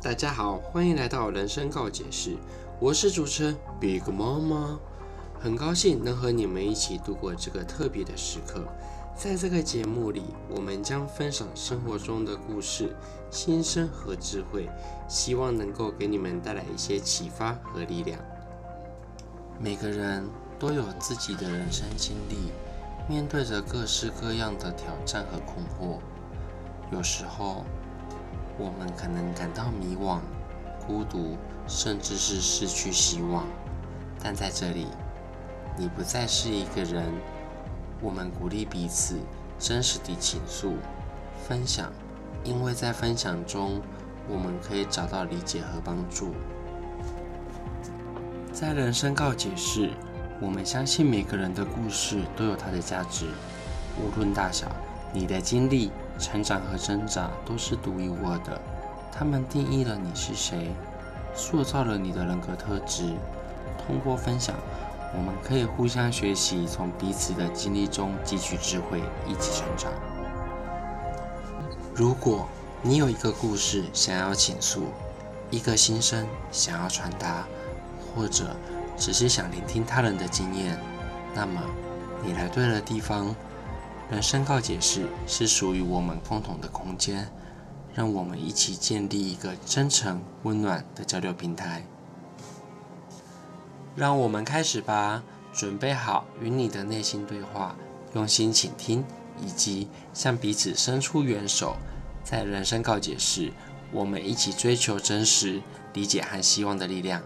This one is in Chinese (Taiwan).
大家好，歡迎來到人生告解室。我是主持人 Big Mama，很高興能和你們一起度過這個特別的時刻。在這個節目裡，我們將分享生活中的故事、心聲和智慧，希望能夠給你們帶來一些啟發和力量。每個人都有自己的人生經歷，面對着各式各樣的挑戰和困惑，有時候，我們可能感到迷惘、孤獨，甚至是失去希望，但在這裡，你不再是一個人。我們鼓勵彼此真實地傾訴、分享，因為在分享中，我們可以找到理解和幫助。在人生告解室，我們相信每個人的故事都有它的價值，無論大小，你的經歷。成長和掙扎都是獨一無二的，他們定義了你是誰，塑造了你的人格特質。通過分享，我們可以互相學習，從彼此的經歷中汲取智慧，一起成長。如果你有一個故事想要傾訴，一個心聲想要傳達，或者只是想聆聽他人的經驗，那麼你來對了地方。人生告解室是屬於我們共同的空間，讓我們一起建立一個真誠、溫暖的交流平台。讓我們開始吧，準備好與你的內心對話，用心傾聽，以及向彼此伸出援手。在人生告解室，我們一起追求真實、理解和希望的力量。